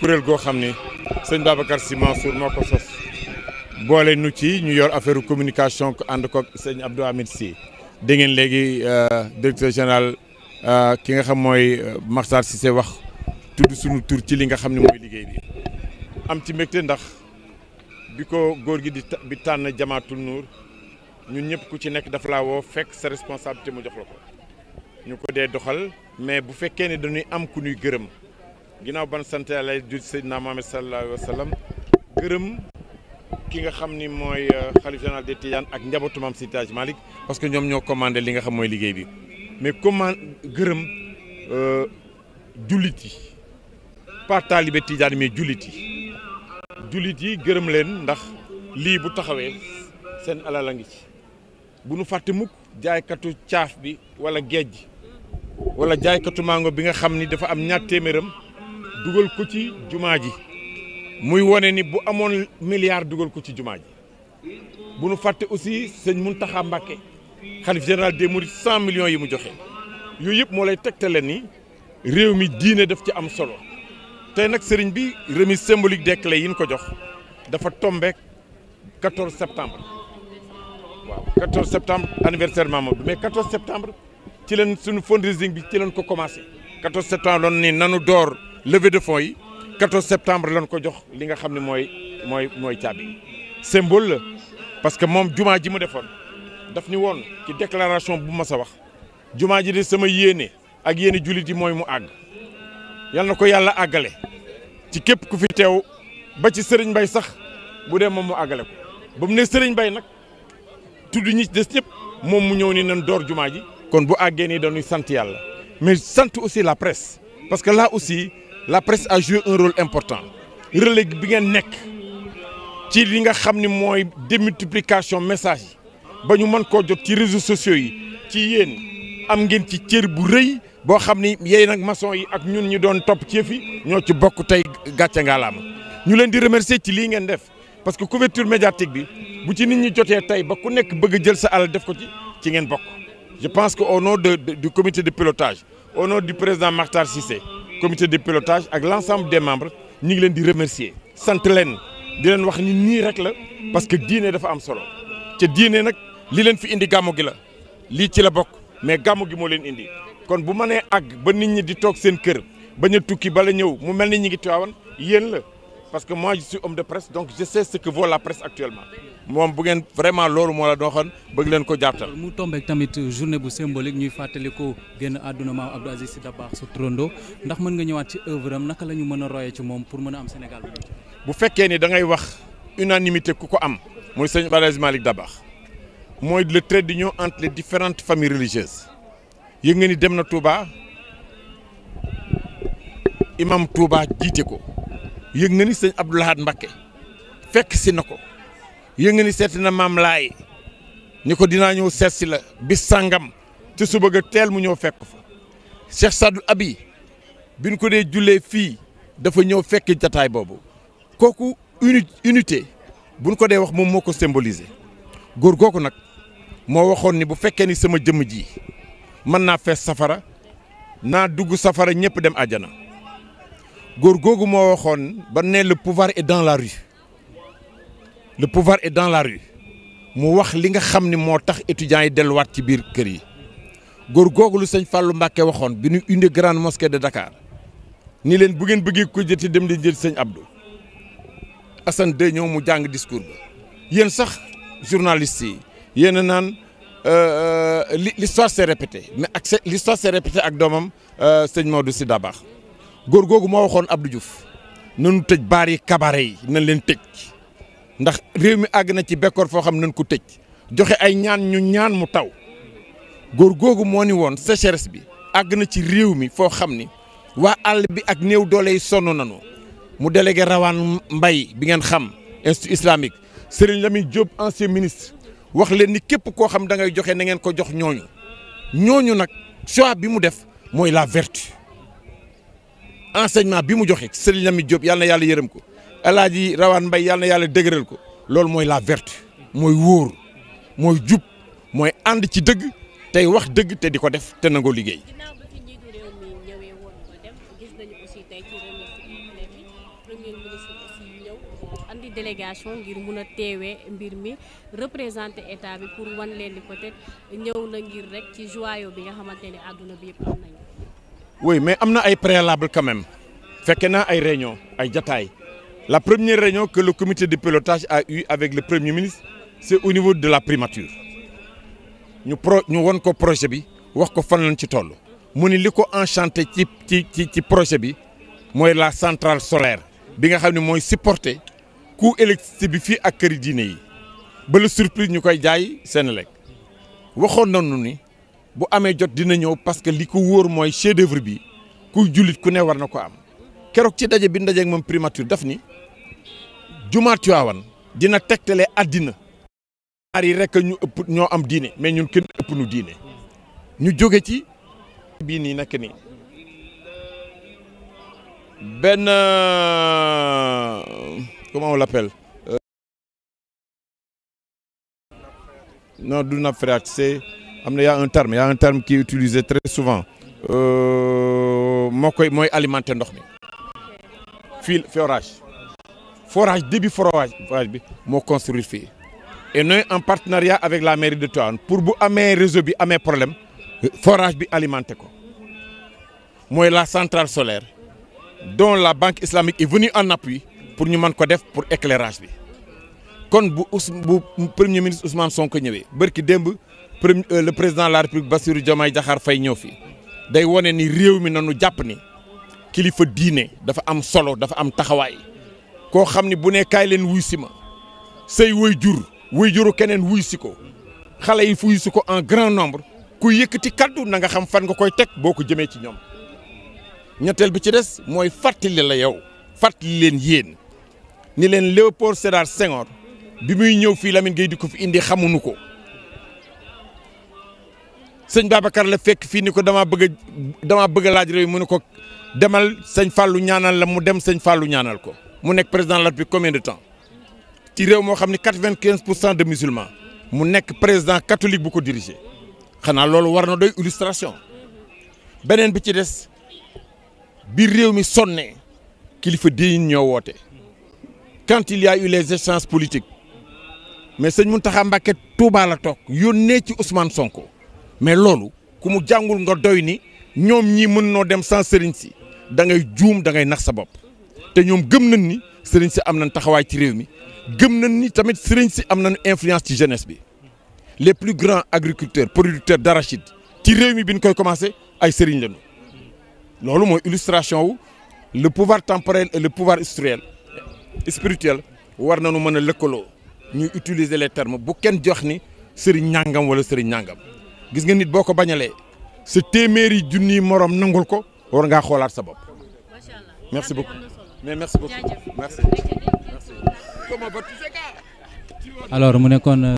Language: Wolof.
kuréel goo xam ni sëñ Babacar Sy Mansour moo ko sos boole nu ci ñu yor affaire communication ko ànd ko sëñ Abdou Hamid Sy dégg ngeen léegi euh, directeur général euh, ki nga xam mooy euh, Makhtar Cissé wax tudd suñu tur ci li nga xam ne mooy liggéey bi am ci mbégte ndax bi ko góor gi di bi tànn jamaatul nuur ñun ñëpp ku ci nekk dafa laa woo fekk sa responsabilité mu jox la ko ñu ko dee doxal mais bu fekkee ne dañuy am ku ñuy gërëm ginnaaw ban sant yàlla jur Seydina Mohamed sallallahu alayhi wa sallam gërëm ki nga xam ni mooy euh, xalif ak njabootu Maam Seydi parce que ñoom ñoo commandé li nga xam mooy liggéey bi mais commande gërëm euh, jullit yi pas taalibe Tidiane mais jullit yi jullit yi gërëm leen ndax lii bu taxawee seen alal a ngi ci bu nu fàtte mukk jaaykatu caaf bi wala géej gi wala jaaykatu mango bi nga xam ni dafa am ñaar téeméeram dugal ko ci jumaa ji muy wone ni bu amoon milliard dugal ko ci jumaa bu nu fàtte aussi sëñ Mountakha Mbacké xalif général des mourides cent millions yi mu joxe yooyu yëpp moo lay tegtale ni réew mi diine def ci am solo te nag sëriñ bi remise symbolique des clés yi ñu ko jox dafa tombeek 14 septembre waaw 14 septembre anniversaire Mamadou mais 14 septembre ci leen suñu fundraising bi ci leen ko commencé 14 septembre loon ni nanu door levée de fonds yi 14 septembre lañ ko jox li nga xam ne mooy mooy mooy caabi symbole la parce que moom jumaa ji mu defoon daf ni woon ci déclaration bu ma sa wax jumaa ji de sama yéene ak yéene jullit yi mooy mu àgg yal na ko yàlla àggale ci képp ku fi teew ba ci sëriñ bay sax bu dee moom mu àggale ko ba mu ne sëriñ bay nag tudd ñi ci des ñëpp moom mu ñëw ni nan door jumaa ji kon bu àggee nii dañuy sant yàlla mais sant aussi la presse parce que là la presse a joué un rôle important relais bi ngeen nekk ci li nga xam ni mooy démultiplication message yi ba ñu mën koo jot ci réseau sociaux yi ci yéen am ngeen ci cër bu rëy boo xam ni yéen nag maçon yi ak ñun ñu doon topp ci fi ñoo ci bokk tey gàcce ngalaama ñu leen di remercier ci lii ngeen def parce que couverture médiatique bi bu ci nit ñi jotee tey ba ku nekk bëgg jël sa alal def ko ci ci ngeen bokk je pense que au nom de du comité de pilotage au nom du président Makhtar Cissé comité de pilotage ak l' ensemble des membres ñi ngi leen di remercier sant leen di leen wax ni nii rek la parce que diine dafa am solo ca diine nag li leen fi indi gàmmu gi la lii ci la bokk mais gàmmu gi moo leen indi kon bu mënee àgg ba nit ñi di toog seen kër bañ a tukki bala ñëw mu mel ni ñi ngi Tiwaawan yéen la parce que moi je suis homme de presse donc je sais ce que vaut la presse actuellement moom bu ngeen vraiment loolu moo la doxoon bëgg leen ko jàppal. mu tombé tamit journée bu symbolique ñuy fàttali ko génn àdduna maam Abdou Aziz Sy Dabakh su ndax mën nga ñëwaat ci œuvre am naka la ñu mën a royee ci moom pour mën a am Sénégal. bu fekkee ni da ngay wax unanimité ku ko am mooy sëñ Balaz Malick Dabakh mooy le trait d'union entre les différentes familles religieuses yëg nga ni dem na Touba imam Touba jiite ko yëg nga ni sëñ Abdoul Ahad Mbacké fekk si na ko. yënga ni seeti na maam laay ni ko dinaa ñëw seet si la bis sàngam ci suba ga teel mu ñëw fekk fa Cheikh Sadou Abi bi ñu ko dee jullee fii dafa ñëw fekk jataay boobu kooku uni unité bu ñu ko dee wax moom moo ko symboliser góor googu nag moo waxoon ni bu fekkee ni sama jëmm ji mën naa fees safara naa dugg safara ñëpp dem àjjana góor googu moo waxoon ba ne le pouvoir et dans la rue le pouvoir est dans la rue mu wax li nga xam ni moo tax étudiants yi delluwaat ci biir kër yi góor googu lu sëñ Fallou Mbacké waxoon bi ñu indi grande mosquée de Dakar ni leen bu ngeen bëggee ko ci dem di jël sëñ Abdou Assane de ñëw mu jàng discours ba yéen sax journaliste yi yéen a naan euh, euh, li l'histoire s'est répétée mais ak l'histoire s'est répétée ak doomam euh, sëñ si Sy Dabakh góor googu moo waxoon Abdou Diouf nanu tëj baar yi kabare yi nañ leen tëj. ndax réew mi àgg na ci bekkoor foo xam nañ ko tëj joxe ay ñaan ñu ñaan mu taw góor googu moo ni woon sécheresse bi àgg na ci réew mi foo xam ni waa àll bi ak néew doole yi sonn nañu mu délégué rawaan mbay bi ngeen xam institut islamique Serigne Lamine Diop ancien ministre wax leen ni képp koo xam da ngay joxe na ngeen ko jox ñooñu ñooñu nag choix bi mu def mooy la vertu enseignement bi mu joxe Serigne Lamine Diop yàlla yàlla yërëm ko yi rawaan mbay yàlla na yàlla dëgëral ko loolu mooy la vertu mooy wóor mooy jub mooy ànd ci dëgg tey wax dëgg te di ko def te nangoo liggéey andi délégation ngir mun a teewee mbir mi représenté état bi pour wan leen ni peut-être ñëw na ngir rek ci joyau bi nga xamante ne àdduna bi yëpp am nañu. oui mais am na ay préalable quand même fekke naa ay réunion ay jataay La première réunion que le comité de pilotage a eue avec le Premier ministre, c'est au niveau de la primature. ñu pro ñu won ko projet bi wax ko fan lañ ci toll mu ni li ko enchanté ci ci ci ci projet bi mooy la centrale solaire bi nga xam ne mooy supporter coût électricité bi fii ak këri diine yi ba la surprise ñu koy jaay seen Senelec waxoon nañu ni bu amee jot dina ñëw parce que li ko wóor mooy chef d'œuvre bi kuy jullit ku ne war na ko am keroog ci daje bi ndaje moom primature daf ni jumaa Tiwaawan dina tegtele àddina ari yi rek ñu ëpp ñoo am diine mais ñun kenn ëpp nu diine ñu jóge ci bii nii nekk nii benn euh, comment on l'appelle euh, non du nappe phréatique am na y un terme y a un terme qui est très souvent euh, moo koy mooy alimenter ndox mi fil forage forage début forage bi moo construire fii et nooy en partenariat avec la mairie de Tivaouane pour bu amee réseau bi amee problème forage bi alimenté ko mooy la centrale solaire dont la banque islamique est venue en appui pour ñu mën ko def pour éclairage bi kon bu us bu premier ministre Ousmane Sonko ñëwee bërki démb premier euh, le président de la république Bassirou Diomaye Diakhar fay ñëw fii day wone ni réew mi nanu jàpp ni kilifa diine dafa am solo dafa am taxawaay koo xam ni bu ne kaay leen wuy si ma say way jur way juru keneen wuy ko xale yi fuy si ko en grand nombre ku yëkkati kaddu nanga xam fan nga koy teg boo ko jëmee ci ñoom ñetteel bi ci des mooy fàttali la yow fàttali leen yéen ni leen Léopold Sédar Senghor bi muy ñëw fii Lamine Gueye di ko fi indi xamuñu ko sëñ Babacar la fekk fii ni ko damaa bëgg damaa bëgg laaj réew mu ne ko demal sëñ Fallou ñaanal la mu dem sëñ Fallou ñaanal ko mu nekk président de la République combien de temps ci réew moo xam ne quatre-vingt-quinze pour cent de musulmans mu nekk président catholique bu ko diriger xanaa loolu war na doy illustration beneen bi ci des bi réew mi sonne kilifa diine ñoo woote. quand il y a eu les échanges politiques mais sëñ Mountakha Mbacké Touba la toog yónnee ci Ousmane Sonko mais loolu ku mu jàngul nga doy ni ñoom ñii mën noo dem sans sëriñ si da ngay juum dangay nax sa bopp. te ñoom gëm nañ ni sëriñ si am nañ taxawaay ci réew mi gëm nañ ni tamit sëriñ si am na nañ influence ci jeunesse bi les plus grands agriculteurs producteurs d'arachide ci réew mi bi ñu koy commencé ay sëriñ lañu loolu mooy illustration wu le pouvoir temporel le pouvoir spirituel spirituel war na nu mën a lëkkaloo ñu utiliser les terme bu kenn jox ni sëriñ ñàngam wala sëriñ ñàngam gis nga nit boo ko bañalee sa téeméeri junniy moroom nangul ko war ngaa xoolaat sa bopp merci mais merci beaucoup merci. alors mu nekkoon. Euh,